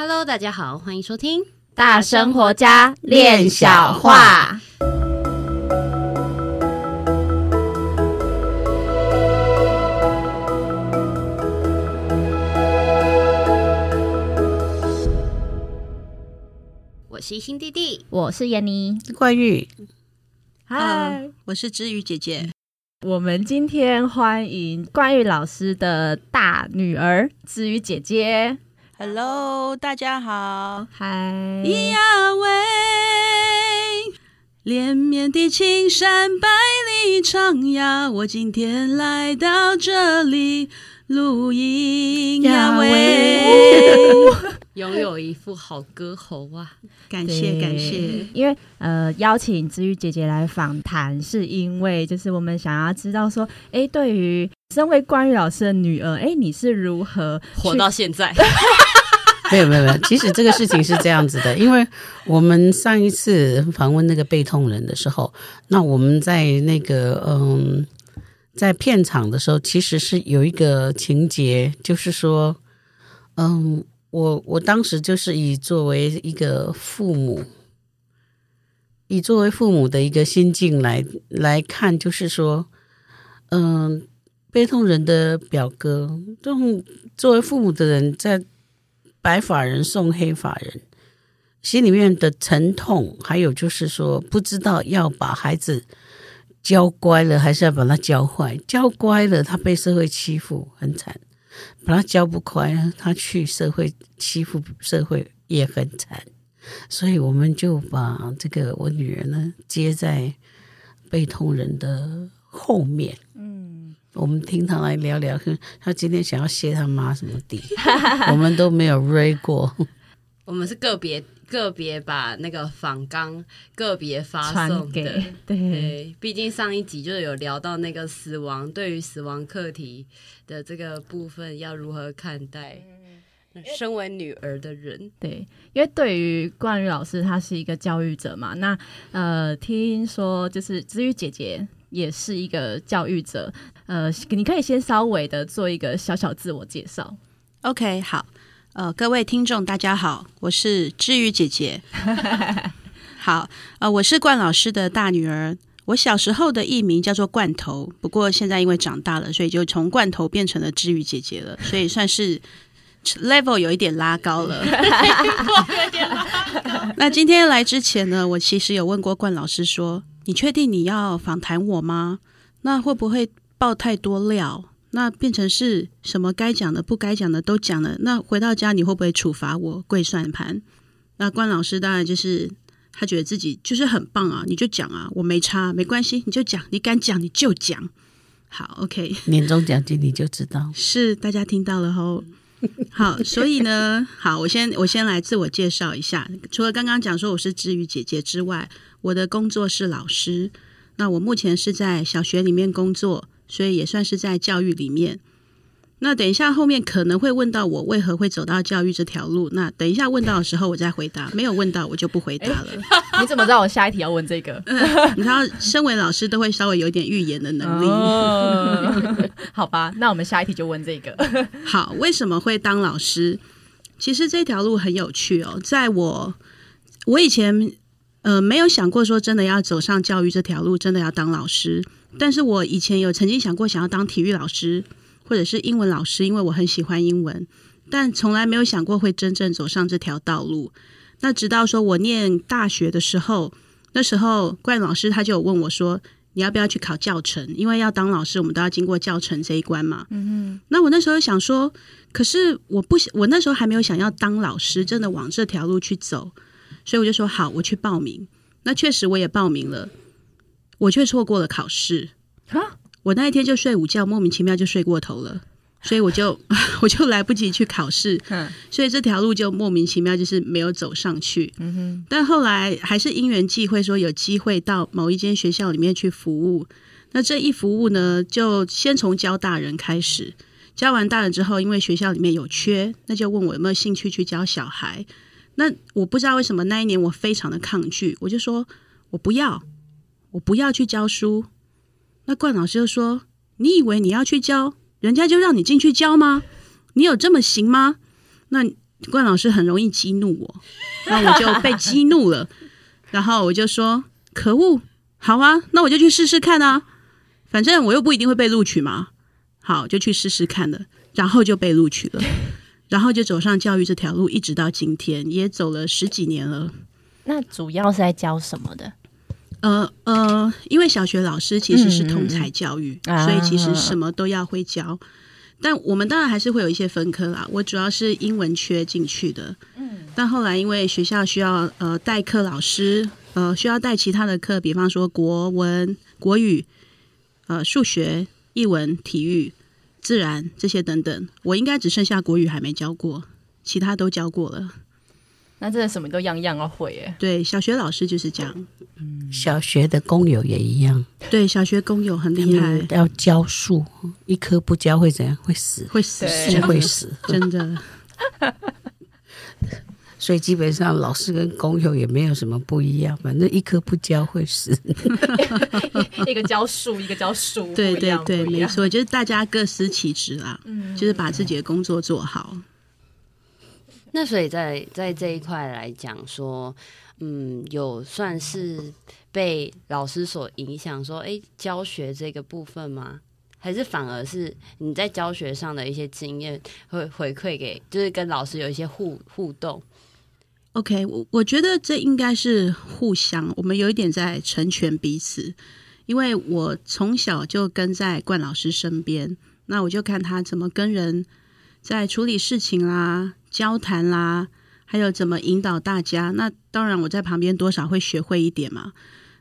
Hello，大家好，歡迎收聽大《大生活家練小話》。我是新弟弟，我是妍妮，貫譽。嗨，uh, 我是芝羽姐姐。我們今天歡迎貫譽老師的大女兒芝羽姐姐。Hello，大家好，嗨，咿呀喂，連綿的青山百里長呀，我今天來到這裡。錄音呀，喂！擁 有一副好歌喉啊，感謝感謝。因為呃，邀請芝羽姐姐來訪談，是因為就是我們想要知道說，哎，對於身為貫譽老師的女兒，誒你是如何活到現在？沒有沒有沒有，其實這個事情是這樣子的，因為我們上一次訪問那個被痛人的時候，那我們在那個嗯。在片場的時候，其實是有一個情節，就是說，嗯，我我當時就是以作為一個父母，以作為父母的一個心境來來看，就是說，嗯，悲痛人的表哥，這種作為父母的人，在白髮人送黑髮人，心裡面的沉痛，還有就是說，不知道要把孩子。教乖了，還是要把他教壞；教乖了，他被社會欺負，很慘；把他教不乖，他去社會欺負社會，也很慘。所以，我們就把這個我女兒呢，接在被通人的後面。嗯，我們聽他來聊聊，他今天想要謝他媽什麼的， 我們都沒有瑞過， 我們是個別。個別把那個仿鋼個別發送的給對，畢、欸、竟，上一集就有聊到那個死亡，對於死亡課題的這個部分要如何看待？身為女兒的人，對，因為對於貫譽老師，他是一個教育者嘛，那呃，聽說就是芝羽姐姐也是一個教育者，呃，你可以先稍微的做一個小小自我介紹。OK，好。呃，各位聽眾，大家好，我是芝羽姊姊。 好，呃，我是貫老師的大女兒。我小時候的藝名叫做罐頭，不過現在因為長大了，所以就從罐頭變成了芝羽姊姊了，所以算是 level 有一點拉高了。 那今天來之前呢，我其實有問過貫老師說：“你確定你要訪談我嗎？那會不會爆太多料？”那變成是什麼該講的不該講的都講了。那回到家你會不會處罰我跪算盤？那關老師當然就是他覺得自己就是很棒啊，你就講啊，我沒差沒關係，你就講，你敢講你就講。好，OK。年終獎金你就知道是大家聽到了吼。好， 所以呢，好，我先我先來自我介紹一下，除了剛剛講說我是芝羽姐姐之外，我的工作是老師。那我目前是在小學裡面工作。所以也算是在教育裡面。那等一下後面可能會問到我為何會走到教育這條路。那等一下問到的時候我再回答，沒有問到我就不回答了。欸、你怎麼知道我下一題要問這個？ 嗯、你知道，身為老師都會稍微有點預言的能力。Oh. 好吧，那我們下一題就問這個。 好，為什麼會當老師？其實這條路很有趣哦。在我我以前呃沒有想過說真的要走上教育這條路，真的要當老師。但是我以前有曾經想過想要當體育老師或者是英文老師，因為我很喜歡英文，但從來沒有想過會真正走上這條道路。那直到說我念大學的時候，那時候貫譽老師他就有問我說：“你要不要去考教程？因為要當老師，我們都要經過教程這一關嘛。”嗯嗯，那我那時候想說，可是我不想，我那時候還沒有想要當老師，真的往這條路去走，所以我就說好，我去報名。那確實我也報名了。我卻錯過了考試。我那一天就睡午覺，莫名其妙就睡過頭了，所以我就我就來不及去考試。所以這條路就莫名其妙就是沒有走上去。但後來還是因緣際會，說有機會到某一間學校裡面去服務。那這一服務呢，就先從教大人開始。教完大人之後，因為學校裡面有缺，那就問我有沒有興趣去教小孩。那我不知道為什麼那一年我非常的抗拒，我就說我不要。我不要去教書，那貫老師就說：“你以為你要去教，人家就讓你進去教嗎？你有這麼行嗎？”那貫老師很容易激怒我，那我就被激怒了。 然後我就說：“可惡！好啊，那我就去試試看啊，反正我又不一定會被錄取嘛。”好，就去試試看了，然後就被錄取了， 然後就走上教育這條路，一直到今天也走了十幾年了。那主要是在教什麼的？呃呃，因為小學老師其實是通才教育、嗯，所以其實什麼都要會教、啊。但我們當然還是會有一些分科啦。我主要是英文缺進去的，嗯，但後來因為學校需要呃代課老師，呃需要帶其他的課，比方說國文、國語、呃數學、藝文、體育、自然這些等等，我應該只剩下國語還沒教過，其他都教過了。那真的什麼都樣樣要、啊、會耶、欸。對，小學老師就是這樣。嗯，小學的工友也一樣。對，小學工友很厲害，要教樹，一棵不教會怎樣？會死？會死？會死？ 真的。 所以基本上，老師跟工友也沒有什麼不一樣，反正一棵不教會死。 一個教樹，一個教書，對對對，沒錯，就是大家各司其職啊、嗯。就是把自己的工作做好。那所以在在這一塊來講，說，嗯，有算是被老師所影響，說，哎、欸，教學這個部分嗎？還是反而是你在教學上的一些經驗會回饋給，就是跟老師有一些互互動？OK，我我覺得這應該是互相，我們有一點在成全彼此，因為我從小就跟在貫老師身邊，那我就看他怎麼跟人在處理事情啦、啊。交談啦，還有怎麼引導大家？那當然，我在旁邊多少會學會一點嘛。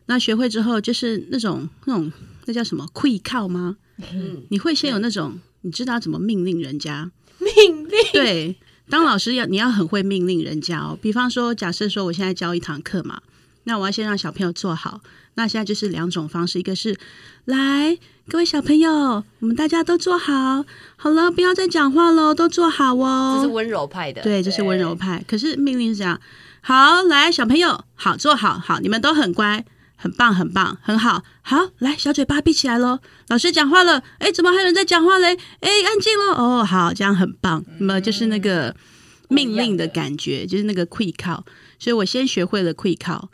那學會之後，就是那種那種那叫什麼？跪靠嗎、嗯？你會先有那種，嗯、你知道怎麼命令人家？命令。對，當老師要你要很會命令人家哦、喔。比方說，假設說我現在教一堂課嘛，那我要先讓小朋友坐好。那現在就是兩種方式，一個是來。各位小朋友，我們大家都坐好，好了，不要再講話嘍，都坐好哦。這是溫柔派的，對，對這是溫柔派。可是命令是這樣：好，來，小朋友，好，坐好，好，你們都很乖，很棒，很棒，很好。好，來，小嘴巴閉起來嘍，老師講話了。哎、欸，怎麼還有人在講話嘞？哎、欸，安靜嘍。哦，好，這樣很棒、嗯。那麼就是那個命令的感覺，就是那個 quick call。所以我先學會了 quick call。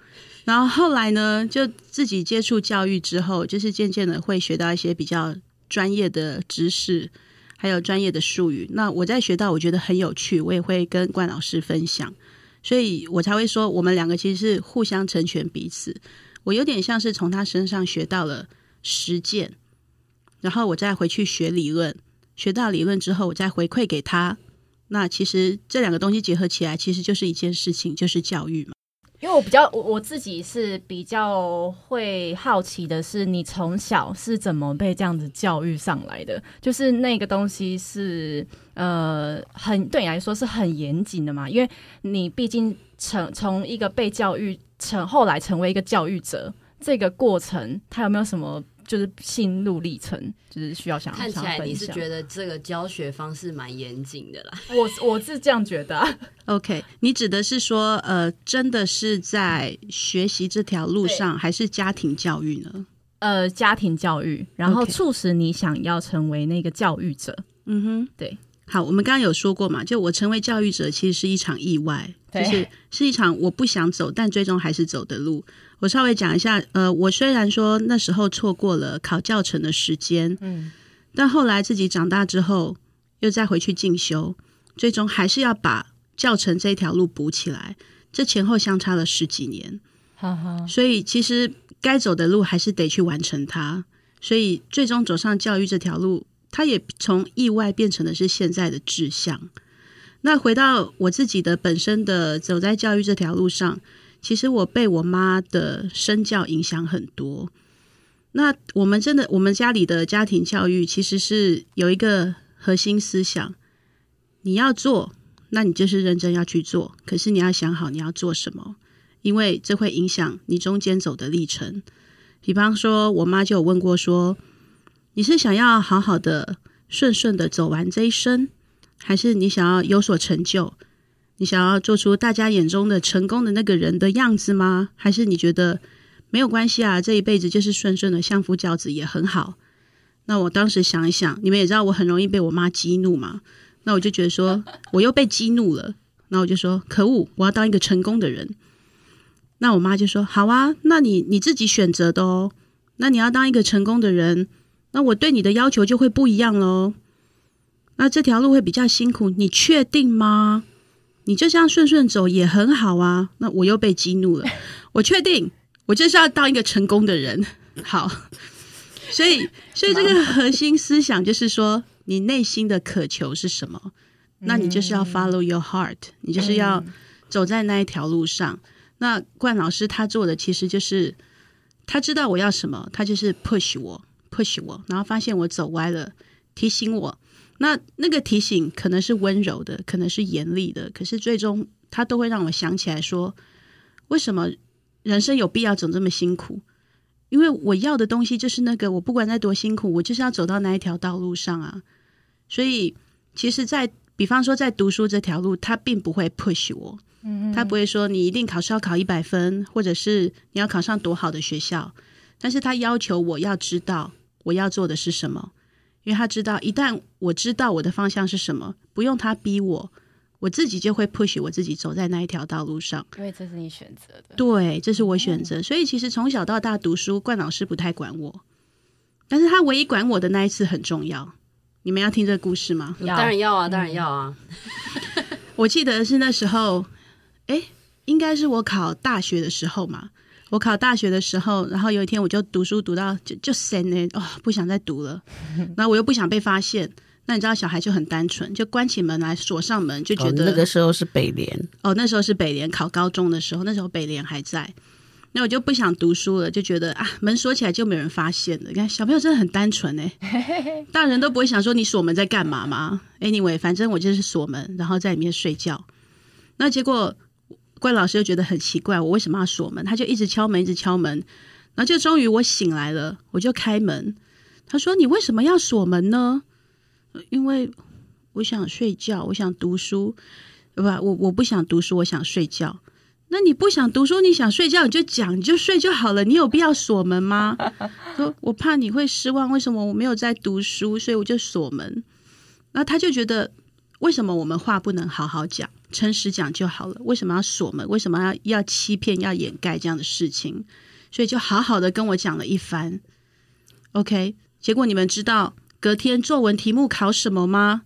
然後後來呢，就自己接觸教育之後，就是漸漸的會學到一些比較專業的知識，還有專業的術語。那我在學到我覺得很有趣，我也會跟貫譽老師分享，所以我才會說我們兩個其實是互相成全彼此。我有點像是從他身上學到了實踐，然後我再回去學理論，學到理論之後我再回饋給他。那其實這兩個東西結合起來，其實就是一件事情，就是教育嘛。因為我比較，我我自己是比較會好奇的是，你從小是怎麼被這樣子教育上來的？就是那個東西是，呃，很對你來說是很嚴謹的嘛？因為你畢竟成從一個被教育成後來成為一個教育者，這個過程他有沒有什麼？就是心路歷程，就是需要想要，看起來你是覺得這個教學方式蠻嚴謹的啦 我，我我是這樣覺得、啊。OK，你指的是說，呃，真的是在學習這條路上，還是家庭教育呢？呃，家庭教育，然後促使你想要成為那個教育者。Okay. 嗯哼，對。好，我們剛剛有說過嘛，就我成為教育者其實是一場意外，就是是一場我不想走，但最終還是走的路。我稍微講一下，呃，我雖然說那時候錯過了考教程的時間，嗯，但後來自己長大之後又再回去進修，最終還是要把教程這條路補起來，這前後相差了十幾年。嗯，所以其實該走的路還是得去完成它。所以最終走上教育這條路，它也從意外變成的是現在的志向。那回到我自己的本身的走在教育這條路上，其實我被我媽的身教影響很多。那我們真的，我們家裡的家庭教育其實是有一個核心思想：你要做，那你就是認真要去做。可是你要想好你要做什麼，因為這會影響你中間走的歷程。比方說，我媽就有問過說：你是想要好好的順順的走完這一生，還是你想要有所成就？你想要做出大家眼中的成功的那個人的樣子嗎？還是你覺得沒有關係啊？這一輩子就是順順的相夫教子也很好。那我當時想一想，你們也知道我很容易被我媽激怒嘛。那我就覺得說，我又被激怒了。那我就說，可惡！我要當一個成功的人。那我媽就說，好啊，那你你自己選擇的哦。那你要當一個成功的人，那我對你的要求就會不一樣嘍。那這條路會比較辛苦，你確定嗎？你就這樣順順走也很好啊，那我又被激怒了。我確定，我就是要當一個成功的人。好，所以，所以這個核心思想就是說，你內心的渴求是什麼？那你就是要 follow your heart，你就是要走在那一條路上。那貫老師他做的其實就是他知道我要什麼，他就是 push 我，push 我，然後發現我走歪了，提醒我。那那個提醒可能是溫柔的，可能是嚴厲的，可是最終他都會讓我想起來說，為什麼人生有必要總這麼辛苦？因為我要的東西就是那個，我不管再多辛苦，我就是要走到那一條道路上啊。所以其實在，在比方說在讀書這條路，他並不會 push 我，他不會說你一定考試要考一百分，或者是你要考上多好的學校，但是他要求我要知道我要做的是什麼。因為他知道，一旦我知道我的方向是什麼，不用他逼我，我自己就會 push 我自己走在那一條道路上。因為這是你選擇的。對，這是我選擇，嗯。所以其實從小到大讀書，貫老師不太管我，但是他唯一管我的那一次很重要。你們要聽這個故事嗎？當然要啊，當然要啊。 我記得是那時候，誒、欸，應該是我考大學的時候嘛。我考大學的時候，然後有一天我就讀書讀到就就神呢，哦，不想再讀了。那我又不想被發現。那你知道小孩就很單純，就關起門來鎖上門就覺得、哦。那個時候是北聯哦，那時候是北聯考高中的時候，那時候北聯還在。那我就不想讀書了，就覺得啊，門鎖起來就沒人發現了。你看小朋友真的很單純哎，大人都不會想說你鎖門在幹嘛嗎？Anyway，反正我就是鎖門，然後在裡面睡覺。那結果。貫譽老師又覺得很奇怪，我為什麼要鎖門？他就一直敲門，一直敲門，然後就終於我醒來了，我就開門。他說：“你為什麼要鎖門呢？因為我想睡覺，我想讀書，對吧？我我不想讀書，我想睡覺。那你不想讀書，你想睡覺，你就講，你就睡就好了。你有必要鎖門嗎？說我怕你會失望。為什麼我沒有在讀書，所以我就鎖門。然後他就覺得。”為什麼我們話不能好好講，誠實講就好了？為什麼要鎖門？為什麼要要欺騙、要掩蓋這樣的事情？所以就好好的跟我講了一番。OK，結果你們知道隔天作文題目考什麼嗎？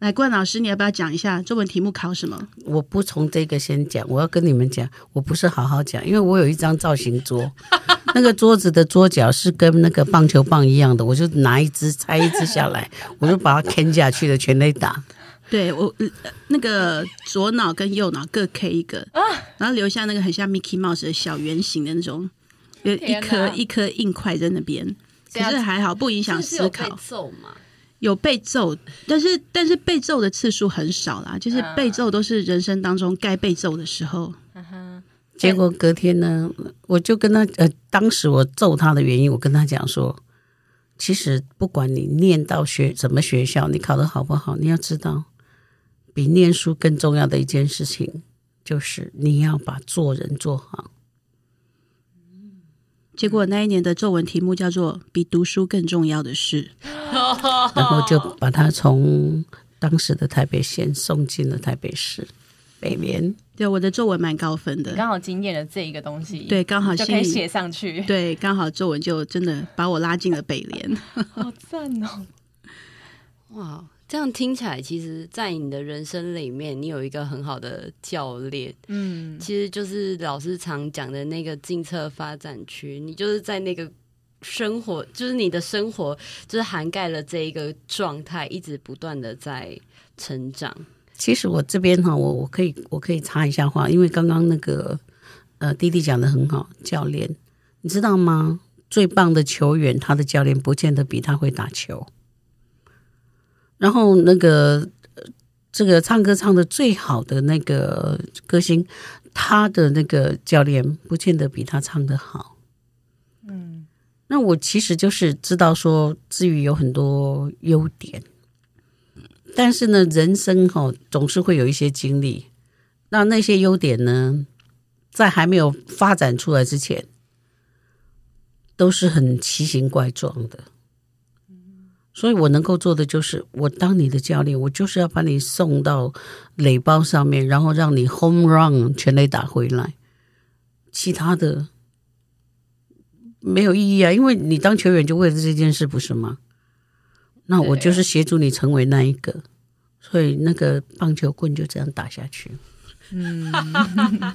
來，貫老師，你要不要講一下作文題目考什麼？我不從這個先講，我要跟你們講，我不是好好講，因為我有一張造型桌。 那個桌子的桌角，是跟那個棒球棒一樣的，我就拿一支拆一支下來，我就把它 K 下去了，全力打。對，我那個左腦跟右腦各 K 一個、啊、然後留下那個很像 Mickey Mouse 的小圓形的那種，有一顆一顆硬塊在那邊。可是還好，不影響思考。是不是有被揍嗎？有被揍，但是但是被揍的次數很少啦，就是被揍都是人生當中該被揍的時候。哈、嗯、哈。嗯。結果隔天呢，我就跟他呃，當時我揍他的原因，我跟他講說，其實不管你念到學什麼學校，你考得好不好，你要知道，比念書更重要的一件事情，就是你要把做人做好。結果那一年的作文題目叫做“比讀書更重要的事”，然後就把他從當時的台北縣送進了台北市。北聯對我的作文蠻高分的，剛好經驗了這一個東西，對剛好就可以寫上去，對剛好作文就真的把我拉進了北聯， 好讚哦、喔！哇，這樣聽起來，其實，在你的人生裡面，你有一個很好的教練，嗯，其實就是老師常講的那個近側發展區，你就是在那個生活，就是你的生活，就是涵蓋了這一個狀態，一直不斷的在成長。其實我這邊哈，我我可以我可以插一下話，因為剛剛那個呃，弟弟講的很好，教練，你知道嗎？最棒的球員，他的教練不見得比他會打球。然後那個這個唱歌唱的最好的那個歌星，他的那個教練不見得比他唱的好。嗯，那我其實就是知道說，芝羽有很多優點。但是呢，人生哈、哦、總是會有一些經歷，那那些優點呢，在還沒有發展出來之前，都是很奇形怪狀的。所以我能夠做的就是，我當你的教練，我就是要把你送到壘包上面，然後讓你 home run 全壘打回來。其他的沒有意義啊，因為你當球員就為了這件事，不是嗎？那我就是協助你成為那一個，所以那個棒球棍就這樣打下去。嗯、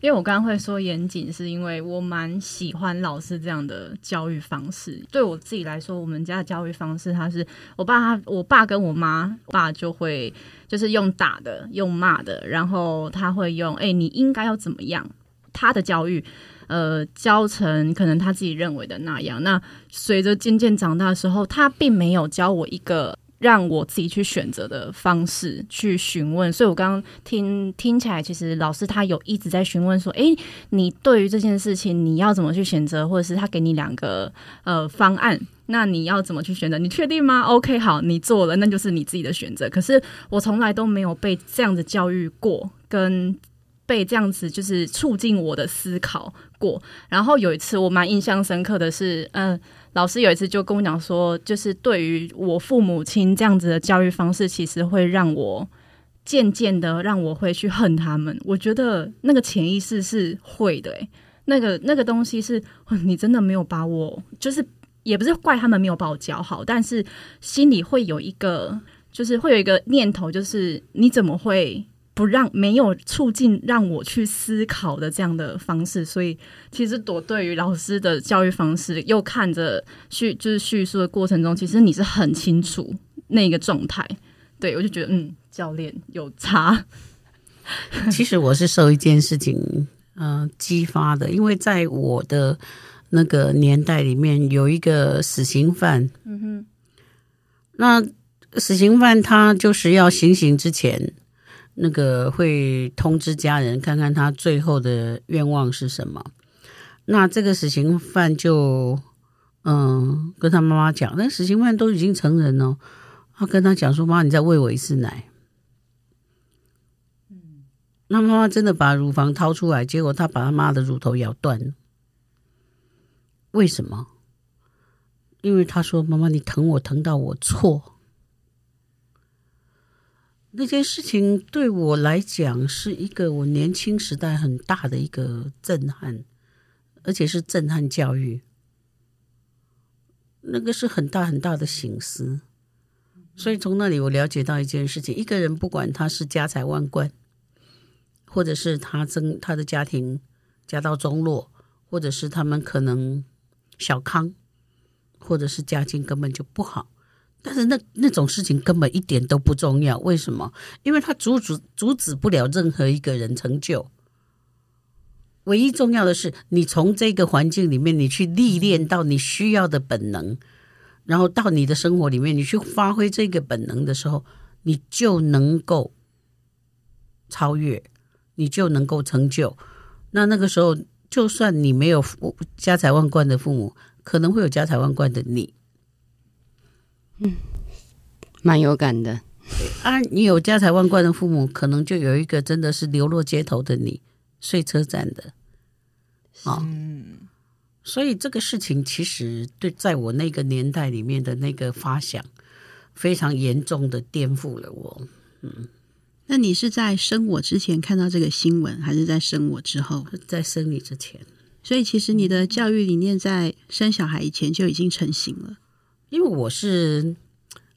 因為我剛剛會說嚴謹，是因為我蠻喜歡老師這樣的教育方式。對我自己來說，我們家的教育方式，他是我爸，我爸跟我媽，我爸就會就是用打的，用罵的，然後他會用，哎，你應該要怎麼樣？他的教育。呃，教成可能他自己認為的那樣。那隨着漸漸長大的時候，他並沒有教我一個讓我自己去選擇的方式去詢問。所以我剛剛聽聽起來，其實老師他有一直在詢問說：“誒，你對於這件事情，你要怎麼去選擇？或者是他給你兩個呃方案，那你要怎麼去選擇？你確定嗎？OK，好，你做了，那就是你自己的選擇。可是我從來都沒有被這樣子教育過，跟。”被這樣子就是促進我的思考過，然後有一次我蠻印象深刻的是，嗯、呃，老師有一次就跟我講說，就是對於我父母親這樣子的教育方式，其實會讓我漸漸的讓我會去恨他們。我覺得那個潛意識是會的、欸，那個那個東西是，你真的沒有把我，就是也不是怪他們沒有把我教好，但是心裡會有一個，就是會有一個念頭，就是你怎麼會？不讓沒有促進讓我去思考的這樣的方式，所以其實我對於老師的教育方式，又看着敘就是敘述的過程中，其實你是很清楚那個狀態，對，我就覺得嗯，教練有差。 其實我是受一件事情嗯、呃、激發的，因為在我的那個年代裡面有一個死刑犯，嗯哼，那死刑犯他就是要行刑之前。那個會通知家人，看看他最後的願望是什麼。那這個死刑犯就，嗯，跟他媽媽講，那死刑犯都已經成人了，他跟他講說：“媽你再餵我一次奶。”那媽媽真的把乳房掏出來，結果他把他媽的乳頭咬斷。為什麼？因為他說：“媽媽，你疼我疼到我錯。”那件事情對我來講是一個我年輕時代很大的一個震撼，而且是震撼教育。那個是很大很大的省思，所以從那裡我了解到一件事情：一個人不管他是家財萬貫，或者是他他的家庭家道中落，或者是他們可能小康，或者是家境根本就不好。但是那那種事情根本一點都不重要，為什麼？因為它阻止阻止不了任何一個人成就。唯一重要的是，你從這個環境裡面，你去歷練到你需要的本能，然後到你的生活裡面，你去發揮這個本能的時候，你就能夠超越，你就能夠成就。那那個時候，就算你沒有家財萬貫的父母，可能會有家財萬貫的你。嗯，蠻有感的啊！你有家財萬貫的父母，可能就有一個真的是流落街頭的你，睡車站的，嗯、哦。所以這個事情其實對在我那個年代裡面的那個發想，非常嚴重的顛覆了我。嗯，那你是在生我之前看到這個新聞，還是在生我之後？在生你之前，所以其實你的教育理念在生小孩以前就已經成型了。嗯因為我是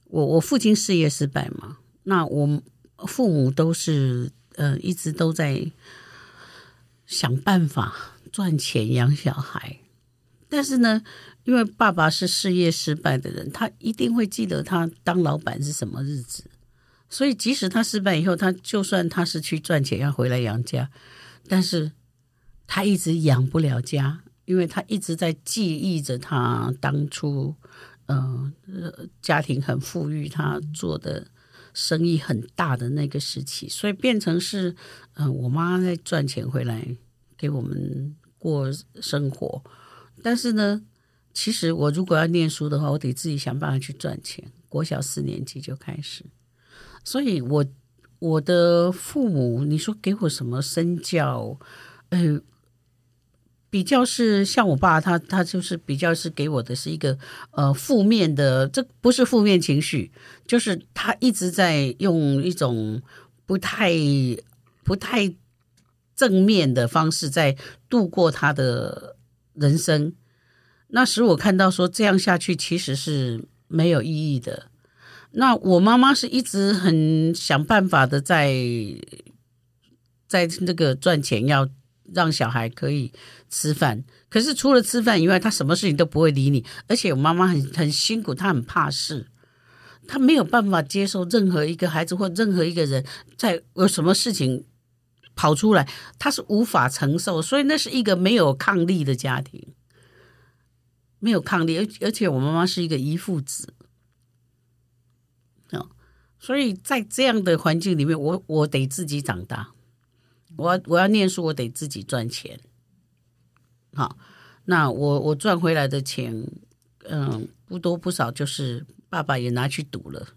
我，我父親事業失敗嘛，那我父母都是呃，一直都在想辦法賺錢養小孩。但是呢，因為爸爸是事業失敗的人，他一定會記得他當老板是什麼日子。所以即使他失敗以後，他就算他是去賺錢要回來養家，但是他一直養不了家，因為他一直在記憶着他當初。嗯、呃，家庭很富裕，他做的生意很大的那個時期，所以變成是，嗯、呃，我媽在賺錢回來給我們過生活。但是呢，其實我如果要念書的話，我得自己想辦法去賺錢。國小四年級就開始，所以我我的父母，你說給我什麼身教？呃比較是像我爸他，他他就是比較是給我的是一個呃負面的，這不是負面情緒，就是他一直在用一種不太不太正面的方式在度過他的人生。那時我看到說這樣下去其實是沒有意義的。那我媽媽是一直很想辦法的在在那個賺錢要。讓小孩可以吃飯，可是除了吃飯以外，他什麼事情都不會理你。而且我媽媽很很辛苦，她很怕事，她沒有辦法接受任何一個孩子或任何一個人在有什麼事情跑出來，她是無法承受。所以那是一個沒有抗力的家庭，沒有抗力。而而且我媽媽是一個遺腹子，哦，所以在這樣的環境裡面，我我得自己長大。我要我要念書，我得自己賺錢。好，那我我賺回來的錢，嗯，不多不少，就是爸爸也拿去賭了。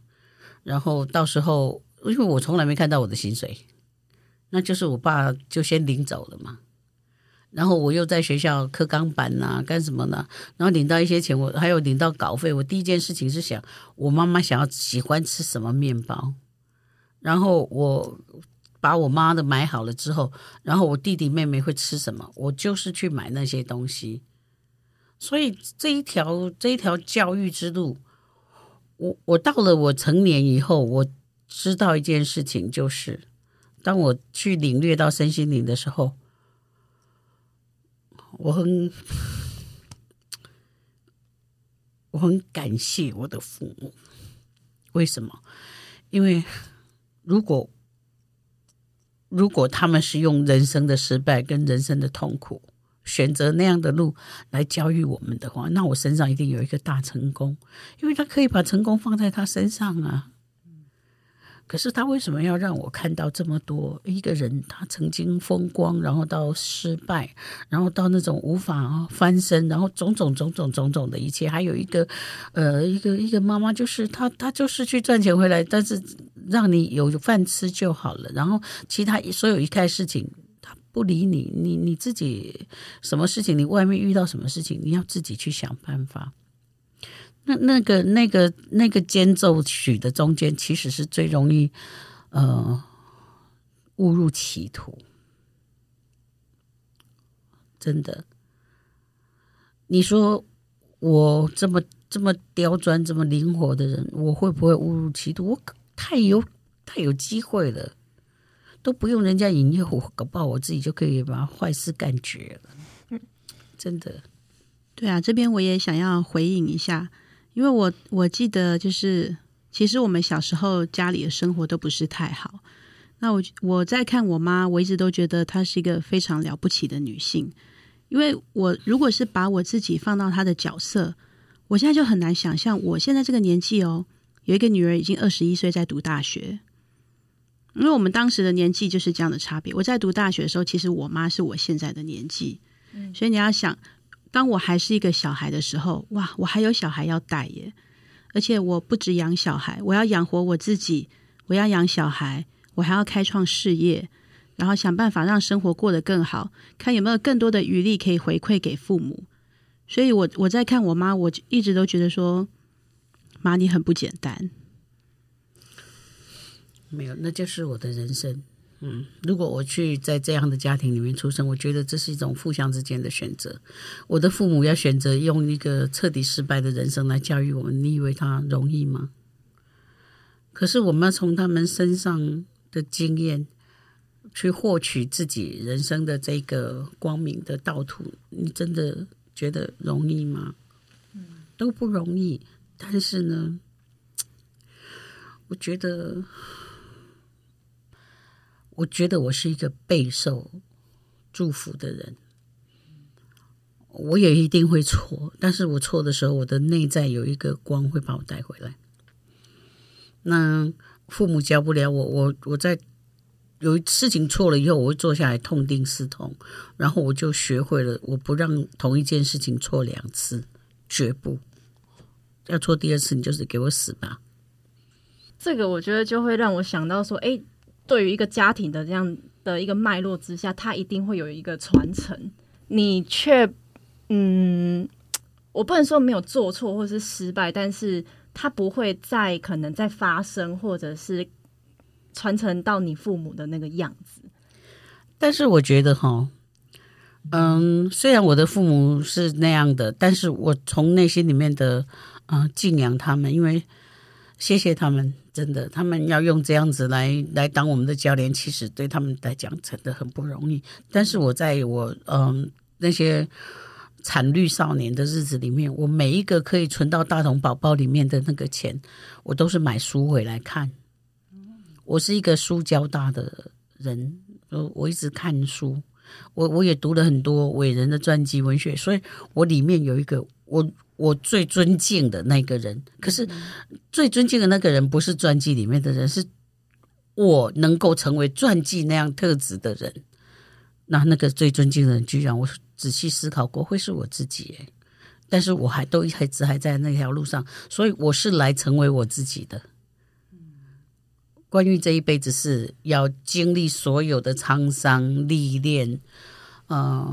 然後到時候，因為我從來沒看到我的薪水，那就是我爸就先領走了嘛。然後我又在學校刻鋼板吶，幹什麼呢？然後領到一些錢，我還有領到稿費。我第一件事情是想，我媽媽想要喜歡吃什麼麵包，然後我。把我媽的買好了之後，然後我弟弟妹妹會吃什麼，我就是去買那些東西。所以這一條這一條教育之路，我我到了我成年以後，我知道一件事情，就是當我去領略到身心靈的時候，我很我很感謝我的父母。為什麼？因為如果如果他們是用人生的失敗跟人生的痛苦選擇那樣的路來教育我們的話，那我身上一定有一個大成功，因為他可以把成功放在他身上啊。可是他為什麼要讓我看到這麼多一個人，他曾經風光，然後到失敗，然後到那種無法翻身，然後種種種種種種的一切，還有一個呃一個一個媽媽，就是她她就是去賺錢回來，但是。讓你有飯吃就好了，然後其他所有一切事情他不理你，你你自己什麼事情，你外面遇到什麼事情，你要自己去想辦法。那那個那個那個間奏曲的中間，其實是最容易呃誤入歧途，真的。你說我這麼這麼刁鑽、這麼靈活的人，我會不會誤入歧途？我太有太有機會了，都不用人家引誘我，搞不好我自己就可以把壞事幹絕了。真的。嗯。對啊，這邊我也想要回應一下，因為我我記得就是，其實我們小時候家裡的生活都不是太好。那我我在看我媽，我一直都覺得她是一個非常了不起的女性，因為我如果是把我自己放到她的角色，我現在就很難想象我現在這個年紀哦。有一個女兒已經二十一歲，在讀大學。因為我們當時的年紀就是這樣的差別。我在讀大學的時候，其實我媽是我現在的年紀，嗯。所以你要想，當我還是一個小孩的時候，哇，我還有小孩要帶耶，而且我不止養小孩，我要養活我自己，我要養小孩，我還要開創事業，然後想辦法讓生活過得更好，看有沒有更多的餘力可以回饋給父母。所以，我我在看我媽，我一直都覺得說。媽，你很不簡單。沒有，那就是我的人生。嗯，如果我去在這樣的家庭裡面出生，我覺得這是一種互相之間的選擇。我的父母要選擇用一個徹底失敗的人生來教育我們，你以為他容易嗎？可是我們要從他們身上的經驗去獲取自己人生的這個光明的道途，你真的覺得容易嗎？嗯，都不容易。但是呢，我覺得，我覺得我是一個備受祝福的人。我也一定會錯，但是我錯的時候，我的內在有一個光會把我帶回來。那父母教不了我，我我在有一事情錯了以後，我會坐下來痛定思痛，然後我就學會了，我不讓同一件事情錯兩次，絕不。要做第二次，你就是給我死吧！這個我覺得就會讓我想到說，誒，對於一個家庭的這樣的一個脈絡之下，他一定會有一個傳承。你卻，嗯，我不能說沒有做錯或是失敗，但是它不會再可能再發生，或者是傳承到你父母的那個樣子。但是我覺得哈，嗯，雖然我的父母是那樣的，但是我從內心裡面的。啊，敬仰他們，因為謝謝他們，真的，他們要用這樣子來來當我們的教練，其實對他們來講真的很不容易。但是我在我嗯、呃、那些慘綠少年的日子裡面，我每一個可以存到大同寶寶裡面的那個錢，我都是買書回來看。我是一個書教大的人，我我一直看書，我我也讀了很多偉人的傳記文學，所以我裡面有一個我。我最尊敬的那個人，可是最尊敬的那個人不是傳記裡面的人，是我能夠成為傳記那樣特質的人。那那個最尊敬的人，居然我仔細思考過，會是我自己，但是我還都一直還在那條路上，所以我是來成為我自己的。關於這一輩子是，是要經歷所有的滄桑歷練，嗯、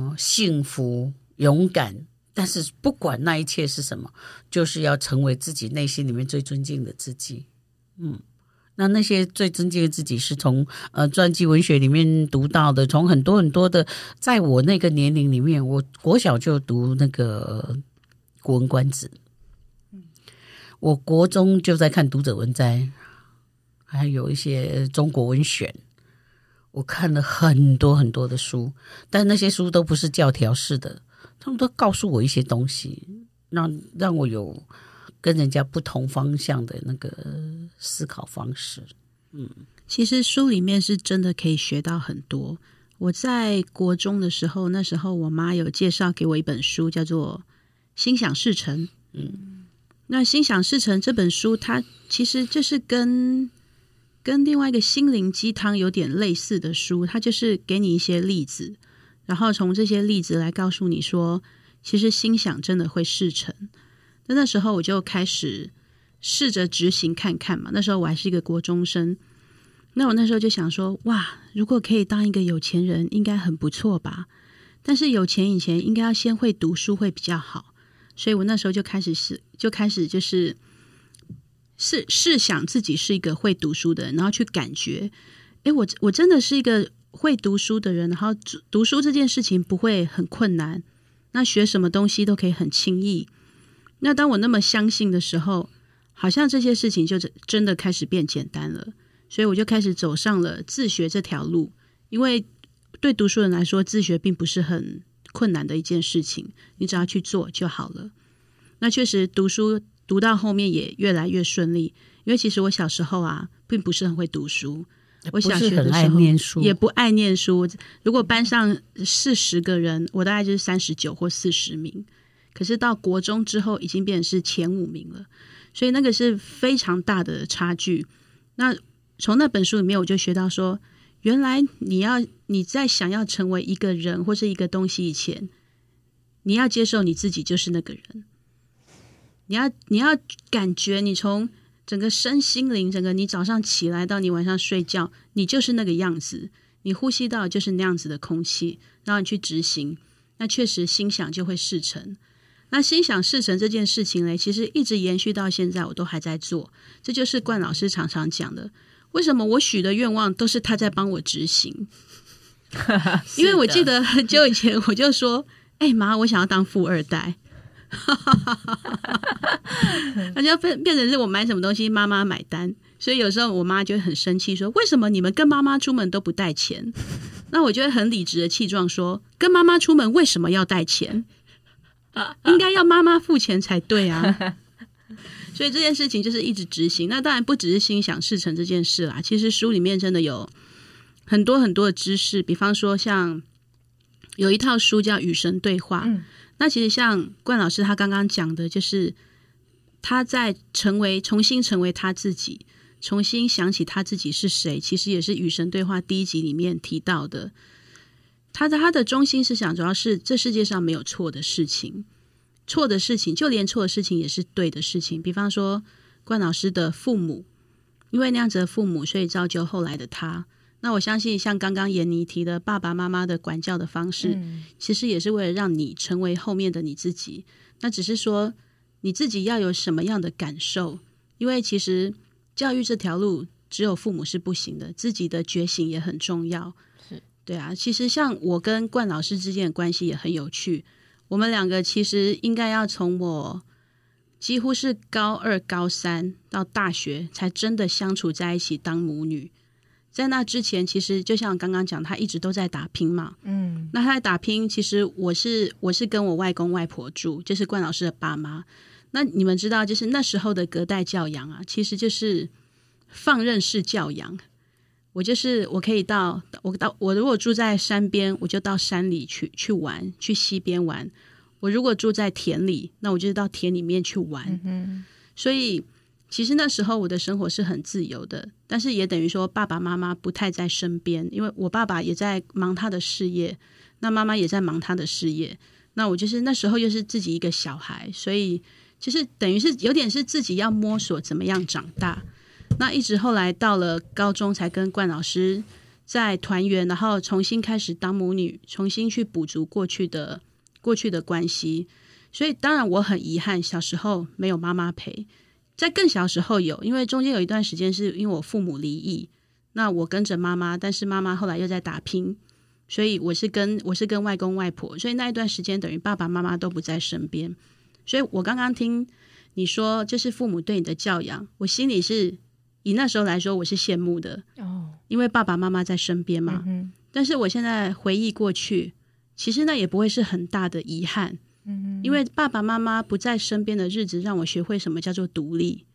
呃，幸福勇敢。但是不管那一切是什麼，就是要成為自己內心裡面最尊敬的自己。嗯，那那些最尊敬的自己是從呃傳記文學裡面讀到的，從很多很多的，在我那個年齡裡面，我國小就讀那個《古文觀止》，我國中就在看《讀者文摘》，還有一些中國文選，我看了很多很多的書，但那些書都不是教條式的。他們都告訴我一些東西，讓讓我有跟人家不同方向的那個思考方式。嗯，其實書裡面是真的可以學到很多。我在國中的時候，那時候我媽有介紹給我一本書，叫做《心想事成》。嗯，那《心想事成》這本書，它其實就是跟跟另外一個心靈雞湯有點類似的書，它就是給你一些例子。然後從這些例子來告訴你說，其實心想真的會事成。那那時候我就開始試着執行看看嘛。那時候我還是一個國中生，那我那時候就想說，哇，如果可以當一個有錢人，應該很不錯吧。但是有錢以前應該要先會讀書會比較好，所以我那時候就開始試，就開始就是試試想自己是一個會讀書的人，然後去感覺，哎，我我真的是一個。會讀書的人，然後讀書這件事情不會很困難，那學什麼東西都可以很輕易。那當我那麼相信的時候，好像這些事情就真的開始變簡單了。所以我就開始走上了自學這條路，因為對讀書人來說，自學並不是很困難的一件事情，你只要去做就好了。那確實，讀書讀到後面也越來越順利，因為其實我小時候啊，並不是很會讀書。我小學的時候也不，也不愛念書。如果班上四十個人，我大概就是三十九或四十名。可是到國中之後，已經變成是前五名了。所以那個是非常大的差距。那從那本書裡面，我就學到說，原來你要你在想要成為一個人或是一個東西以前，你要接受你自己就是那個人。你要你要感覺你從。整個身心靈，整個你早上起來到你晚上睡覺，你就是那個樣子。你呼吸到就是那樣子的空氣，然後你去執行，那確實心想就會事成。那心想事成這件事情嘞，其實一直延續到現在，我都還在做。這就是貫譽老師常常講的。為什麼我許的願望都是他在幫我執行？ 因為我記得很久以前我就說：“哎、 欸、媽，我想要當富二代。”哈哈哈哈哈！哈哈，那就變變成是我買什麼東西，媽媽買單。所以有時候我媽就會很生氣，說：“為什麼你們跟媽媽出門都不帶錢？”那我就會很理直的氣壯，說：“跟媽媽出門為什麼要帶錢？應該要媽媽付錢才對啊！”所以這件事情就是一直執行。那當然不只是心想事成這件事啦，其實書裡面真的有很多很多的知識，比方說像有一套書叫《與神對話》。那其實像貫譽老師他剛剛講的，就是他在成為重新成為他自己，重新想起他自己是誰，其實也是《與神對話》第一集裡面提到的。他在他的中心思想主要是：這世界上沒有錯的事情，錯的事情，就連錯的事情也是對的事情。比方說，貫譽老師的父母，因為那樣子的父母，所以造就後來的他。那我相信，像剛剛妍妮提的爸爸媽媽的管教的方式、嗯，其實也是為了讓你成為後面的你自己。那只是說你自己要有什麼樣的感受，因為其實教育這條路只有父母是不行的，自己的覺醒也很重要。是對啊，其實像我跟貫老師之間的關係也很有趣。我們兩個其實應該要從我幾乎是高二、高三到大學才真的相處在一起，當母女。在那之前，其實就像剛剛講，他一直都在打拼嘛。嗯，那他在打拼，其實我是，我是跟我外公外婆住，就是貫老師的爸媽。那你們知道，就是那時候的隔代教養啊，其實就是放任式教養。我就是我可以到，我到，我如果住在山邊，我就到山裡去去玩，去溪邊玩；我如果住在田裡，那我就到田裡面去玩。嗯，所以。其實那時候我的生活是很自由的，但是也等於說爸爸媽媽不太在身邊，因為我爸爸也在忙他的事業，那媽媽也在忙他的事業，那我就是那時候又是自己一個小孩，所以就是等於是有點是自己要摸索怎麼樣長大。那一直後來到了高中，才跟貫譽老師再團圓，然後重新開始當母女，重新去補足過去的過去的關係。所以當然我很遺憾小時候沒有媽媽陪。在更小時候有，因為中間有一段時間是，因為我父母離異，那我跟着媽媽，但是媽媽後來又在打拼，所以我是跟我是跟外公外婆，所以那一段時間等於爸爸媽媽都不在身邊，所以我剛剛聽你說這是父母對你的教養，我心裡是以那時候來說我是羨慕的哦，因為爸爸媽媽在身邊嘛，但是我現在回憶過去，其實那也不會是很大的遺憾。嗯，因為爸爸媽媽不在身邊的日子，讓我學會什麼叫做獨立，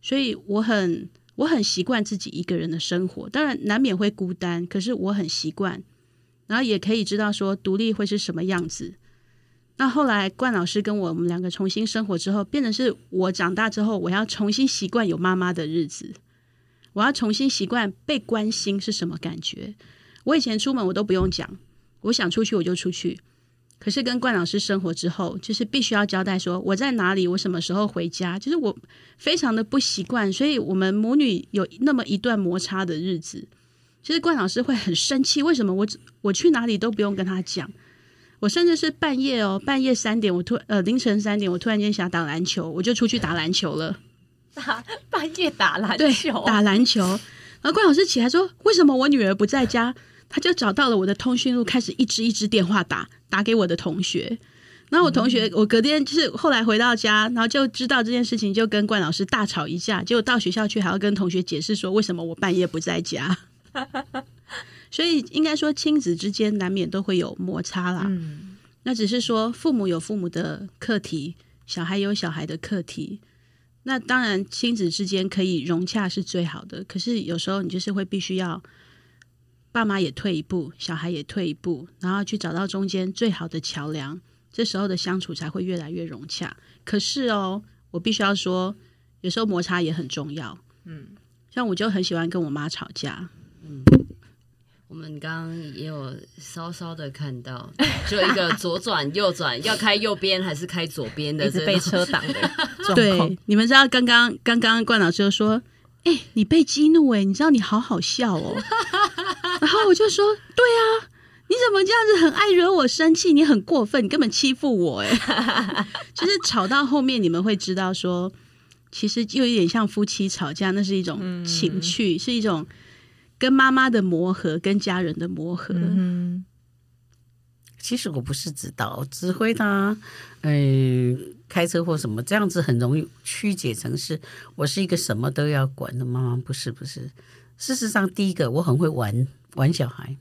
所以我很我很習慣自己一個人的生活。當然難免會孤單，可是我很習慣，然後也可以知道說獨立會是什麼樣子。那後來貫譽老師跟我，我們兩個重新生活之後，變成是我長大之後，我要重新習慣有媽媽的日子，我要重新習慣被關心是什麼感覺。我以前出門我都不用講，我想出去我就出去。可是跟貫譽老師生活之後，就是必須要交代說我在哪裡，我什麼時候回家。就是我非常的不習慣，所以我們母女有那麼一段摩擦的日子。其實貫譽老師會很生氣，為什麼我我去哪裡都不用跟他講？我甚至是半夜哦，半夜三點，我突呃凌晨三點，我突然間想打籃球，我就出去打籃球了。打半夜打籃球？對，打籃球。然後貫譽老師起來說：“為什麼我女兒不在家？”他就找到了我的通訊錄，開始一支一支電話打。打給我的同學，那我同學我隔天就是後來回到家，嗯、然後就知道這件事情，就跟貫譽老師大吵一架，結果到學校去還要跟同學解釋說為什麼我半夜不在家。 所以應該說親子之間難免都會有摩擦啦、嗯。那只是說父母有父母的課題，小孩有小孩的課題。那當然親子之間可以融洽是最好的，可是有時候你就是會必須要。爸媽也退一步，小孩也退一步，然後去找到中間最好的橋梁，這時候的相處才會越來越融洽。可是哦，我必須要說，有時候摩擦也很重要。嗯，像我就很喜歡跟我媽吵架。嗯，我們剛剛也有稍稍的看到，就一個左轉右轉， 要開右邊還是開左邊的，一直被車擋的狀況。 對，你們知道剛剛剛剛貫老師就說，哎、欸，你被激怒、欸、你知道你好好笑哦。 然後我就說：“對啊，你怎麼這樣子很愛惹我生氣？你很過分，你根本欺負我哎！其 實吵到後面，你們會知道說，其實就有點像夫妻吵架，那是一種情趣，嗯、是一種跟媽媽的磨合，跟家人的磨合。嗯，其實我不是知道，指揮他，嗯、呃，開車或什麼這樣子很容易曲解成是我是一個什麼都要管的媽媽，不是不是。”事實上，第一個我很會玩玩小孩，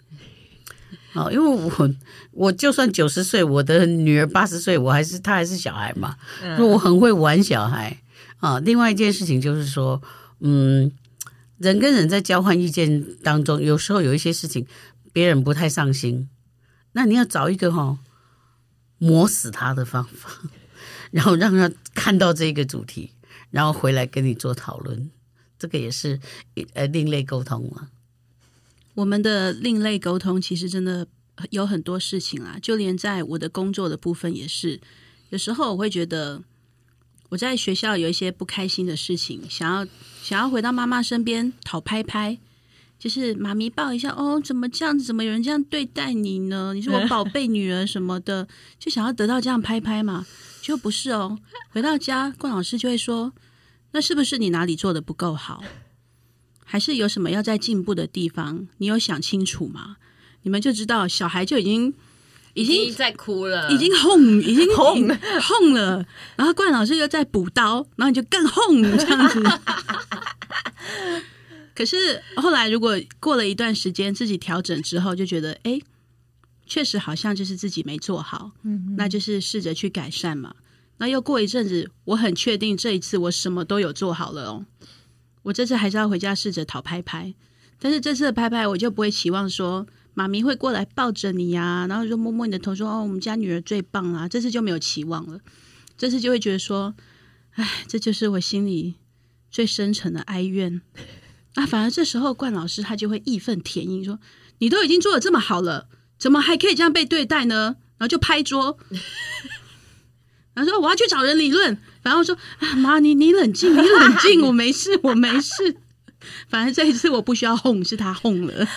啊、哦，因為我我就算九十歲，我的女兒八十歲，我還是她還是小孩嘛，所以我很會玩小孩啊、哦。另外一件事情就是說，嗯，人跟人在交換意見當中，有時候有一些事情別人不太上心，那你要找一個哈、哦、磨死他的方法，然後讓他看到這個主題，然後回來跟你做討論。這個也是呃另類溝通了、啊。我們的另類溝通其實真的有很多事情啦，就連在我的工作的部分也是。有時候我會覺得我在學校有一些不開心的事情，想要想要回到媽媽身邊討拍拍，就是媽咪抱一下哦，怎麼這樣子？怎麼有人這樣對待你呢？你是我寶貝女兒什麼的， 就想要得到這樣拍拍嘛？就不是哦，回到家，貫譽老師就會說。那是不是你哪裡做得不夠好，還是有什麼要再進步的地方？你有想清楚嗎？你們就知道，小孩就已經已經在哭了，已經哄，已經哄哄了， 然後貫老師又在補刀，然後你就更哄這樣子。 可是後來，如果過了一段時間，自己調整之後，就覺得，哎、欸，確實好像就是自己沒做好，那就是試着去改善嘛。那又過一陣子，我很確定這一次我什麼都有做好了哦。我這次還是要回家試着討拍拍，但是這次的拍拍我就不會期望說媽咪會過來抱着你呀、啊，然後就摸摸你的頭說哦，我們家女兒最棒啦、啊。這次就沒有期望了，這次就會覺得說，哎，這就是我心裡最深沉的哀怨啊。那反而這時候貫老師他就會義憤填膺說，你都已經做的這麼好了，怎麼還可以這樣被對待呢？然後就拍桌。 然後說，我要去找人理論。然後我啊、哎，媽，你你冷靜，你冷靜，我沒事，我沒事。反正這一次我不需要哄，是他哄了。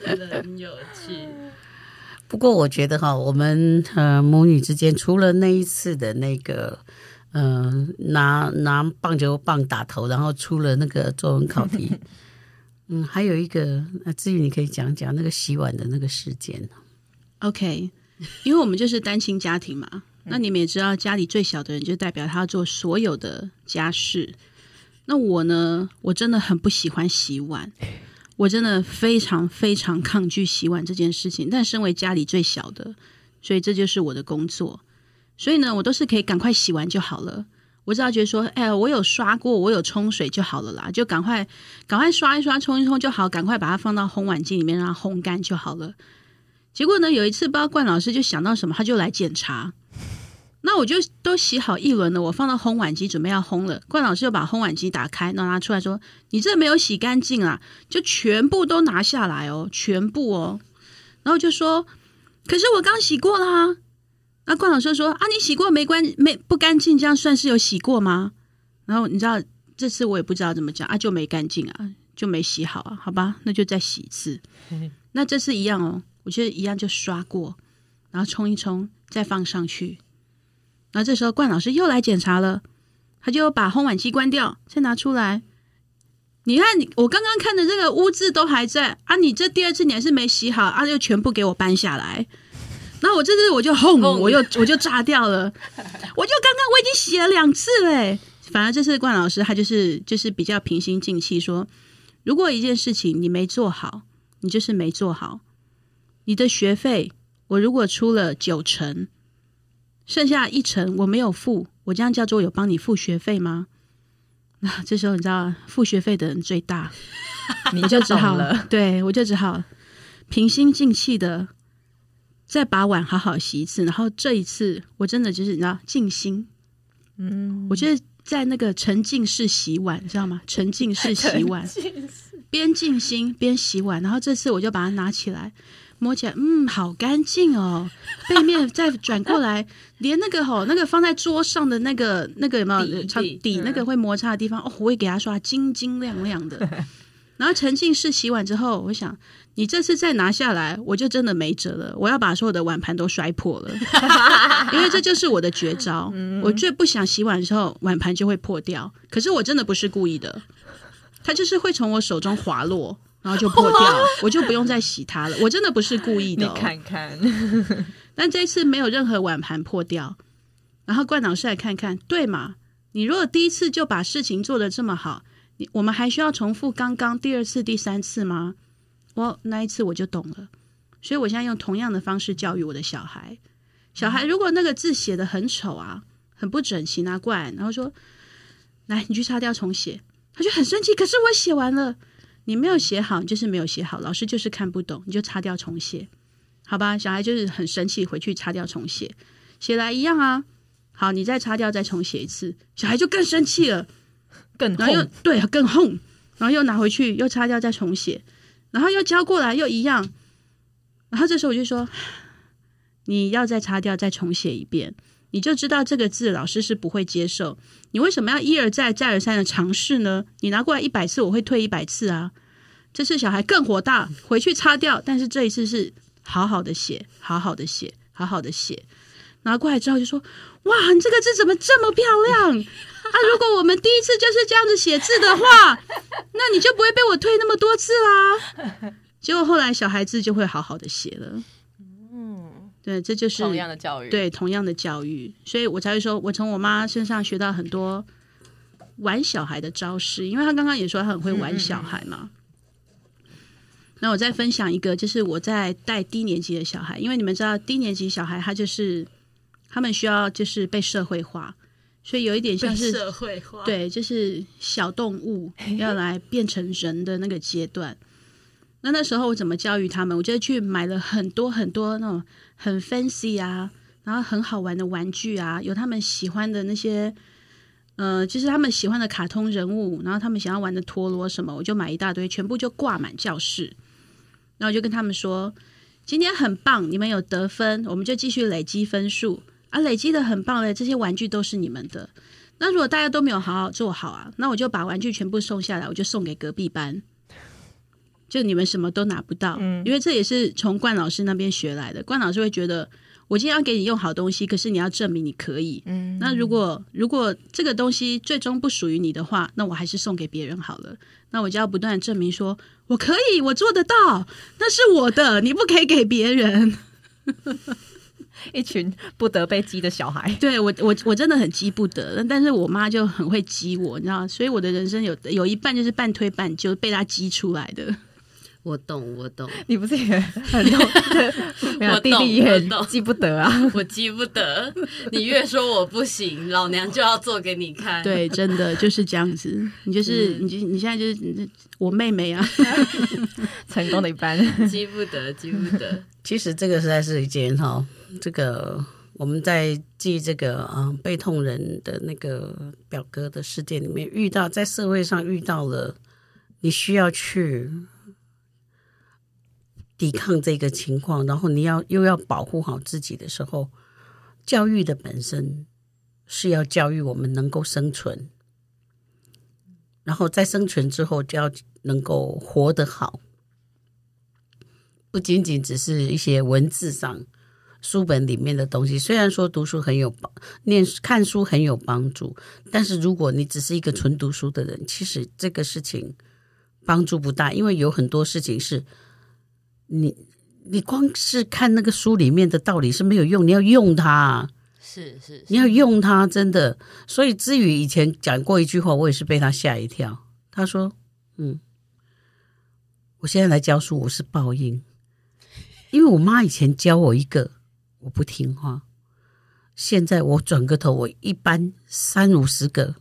真的很有趣。 不過我覺得哈，我們呃母女之間除了那一次的那個呃拿拿棒球棒打頭，然後出了那個作文考題， 嗯，還有一個呃，芝羽你可以講講那個洗碗的那個事件。OK。 因為我們就是單親家庭嘛，那你們也知道，家裡最小的人就代表他要做所有的家事。那我呢，我真的很不喜歡洗碗，我真的非常非常抗拒洗碗這件事情。但身為家裡最小的，所以這就是我的工作。所以呢，我都是可以趕快洗完就好了。我知道，覺得說，哎，我有刷過，我有沖水就好了啦，就趕快趕快刷一刷，沖一沖就好，趕快把它放到烘碗機裡面讓它烘乾就好了。結果呢？有一次，不知道貫老師就想到什麼，他就來檢查。那我就都洗好一輪了，我放到烘碗機準備要烘了。貫老師又把烘碗機打開，然後拿出來說：“你這沒有洗乾淨啊！”就全部都拿下來哦，全部哦。然後就說：“可是我剛洗過啦、啊。”那貫老師就說：“啊，你洗過沒關沒不乾淨，這樣算是有洗過嗎？”然後你知道這次我也不知道怎麼講啊，就沒乾淨啊，就沒洗好啊，好吧，那就再洗一次。那這次一樣哦。我覺得一樣就刷過，然後沖一沖，再放上去。然後這時候貫老師又來檢查了，他就把烘碗機關掉，再拿出來。你看，你我剛剛看的這個污漬都還在啊！你這第二次你還是沒洗好啊！又全部給我搬下來。那我這次我就轟，我又我就炸掉了。 我就剛剛我已經洗了兩次嘞。反而這次貫老師他就是就是比較平心靜氣說，如果一件事情你沒做好，你就是沒做好。你的學費，我如果出了九成，剩下一成我沒有付，我這樣叫做有幫你付學費嗎？那、啊、這時候你知道付學費的人最大， 你就懂了。 對，我就只好平心靜氣的再把碗好好洗一次，然後這一次我真的就是你知道靜心，嗯，我覺得在那個沉浸式洗碗，你知道嗎？沉浸式洗碗， 邊靜心邊洗碗，然後這次我就把它拿起來。摸起來，嗯，好乾淨哦。背面再轉過來， 連那個吼、哦、那個放在桌上的那個那個什麼底底、嗯、那個會摩擦的地方哦，我會給它刷晶晶亮亮的。 然後沉浸式洗碗之後，我想你這次再拿下來，我就真的沒轍了，我要把所有的碗盤都摔破了， 因為這就是我的絕招。我最不想洗碗的時候，碗盤就會破掉。可是我真的不是故意的，它就是會從我手中滑落。然後就破掉，我就不用再洗它了。 我真的不是故意的哦。你看看， 但這一次沒有任何碗盤破掉。然後，貫老師來看看，對嗎？你如果第一次就把事情做得這麼好，我們還需要重複剛剛第二次、第三次嗎？我、well, 那一次我就懂了，所以我現在用同樣的方式教育我的小孩。小孩如果那個字寫得很醜啊，很不整齊啊，貫，然後說：“來，你去擦掉重寫。”他就很生氣，可是我寫完了。你沒有寫好，你就是沒有寫好，老師就是看不懂，你就擦掉重寫，好吧？小孩就是很生氣，回去擦掉重寫，寫來一樣啊。好，你再擦掉再重寫一次，小孩就更生氣了，更，然後又對，更哄，然後又拿回去又擦掉再重寫，然後又交過來又一樣，然後這時候我就說，你要再擦掉再重寫一遍。你就知道這個字老師是不會接受。你為什麼要一而再、再而三的嘗試呢？你拿過來一百次，我會退一百次啊。這次小孩更火大，回去擦掉。但是這一次是好好的寫，好好的寫，好好的寫。拿過來之後就說：“哇，你這個字怎麼這麼漂亮啊？如果我們第一次就是這樣子寫字的話，那你就不會被我退那麼多次啦。”結果後來小孩子就會好好的寫了。對，這就是同樣的教育。對，同樣的教育，所以我才會說，我從我媽身上學到很多玩小孩的招式，因為她剛剛也說她很會玩小孩嘛。嗯嗯。那我再分享一個，就是我在帶低年級的小孩，因為你們知道，低年級小孩他就是他們需要就是被社會化，所以有一點像是被社會化，對，就是小動物要來變成人的那個階段。哎。那那時候我怎麼教育他們？我就去買了很多很多那種。很 fancy 啊，然後很好玩的玩具啊，有他們喜歡的那些，呃，就是他們喜歡的卡通人物，然後他們想要玩的陀螺什麼，我就買一大堆，全部就掛滿教室。然後就跟他們說，今天很棒，你們有得分，我們就繼續累積分數啊，累積的很棒嘞，這些玩具都是你們的。那如果大家都沒有好好做好啊，那我就把玩具全部送下來，我就送給隔壁班。就你們什麼都拿不到，嗯，因為這也是從貫老師那邊學來的。貫老師會覺得，我今天要給你用好東西，可是你要證明你可以。嗯，那如果如果這個東西最終不屬於你的話，那我還是送給別人好了。那我就要不斷證明說，說我可以，我做得到，那是我的，你不可以給別人。 一群不得被激的小孩，對我我我真的很激不得，但是我媽就很會激我，你知道，所以我的人生有有一半就是半推半就被她激出來的。我懂，我懂。你不是也很懂？ 我懂，弟弟也很懂，記不得啊。我記不得。你越說我不行， 老娘就要做給你看。對，真的就是這樣子。你就是、嗯、你就，你現在就是就我妹妹啊。 成功的一半，記不得，記不得。其實這個實在是一件哈、哦嗯，這個我們在記這個啊、呃、被痛人的那個表哥的世界裡面遇到，在社會上遇到了，你需要去。抵抗這個情況，然後你要又要保護好自己的時候，教育的本身是要教育我們能夠生存，然後在生存之後就要能夠活得好，不僅僅只是一些文字上書本裡面的東西。雖然說讀書很有幫，念看書很有幫助，但是如果你只是一個純讀書的人，其實這個事情幫助不大，因為有很多事情是。你你光是看那個書裡面的道理是沒有用，你要用它，是是,是，你要用它，真的。所以芝羽以前講過一句話，我也是被他嚇一跳。他說：“嗯，我現在來教書，我是報應，因為我媽以前教我一個，我不聽話，現在我轉個頭，我一班三五十個，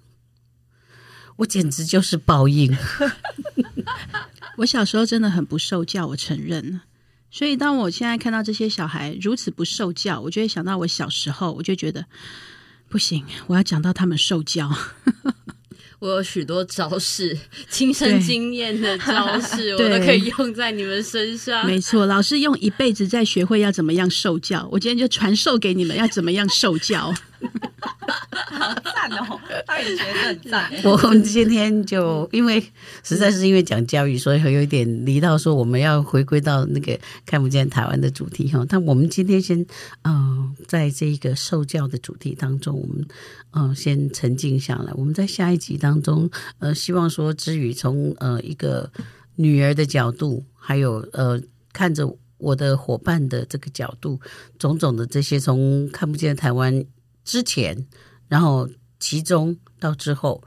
我簡直就是報應。 ” 我小時候真的很不受教，我承認。所以，當我現在看到這些小孩如此不受教，我就會想到我小時候，我就覺得不行，我要講到他們受教。 我有許多招式，親身經驗的招式，我都可以用在你們身上。 沒錯，老師用一輩子在學會要怎麼樣受教，我今天就傳授給你們要怎麼樣受教。 讚 哦，他也覺得很讚。我們今天就因為實在是因為講教育，所以會有一點離題，說我們要回歸到那個看不見台灣的主題哈。但我們今天先嗯、呃，在這個受教的主題當中，我們嗯、呃、先沉靜下來。我們在下一集當中呃，希望說芝羽從呃一個女兒的角度，還有呃看着我的伙伴的這個角度，種種的這些從看不見台灣。之前，然後其中到之後，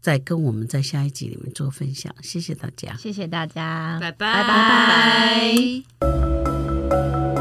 再跟我們在下一集裡面做分享。謝謝大家，謝謝大家，拜拜拜拜。拜拜。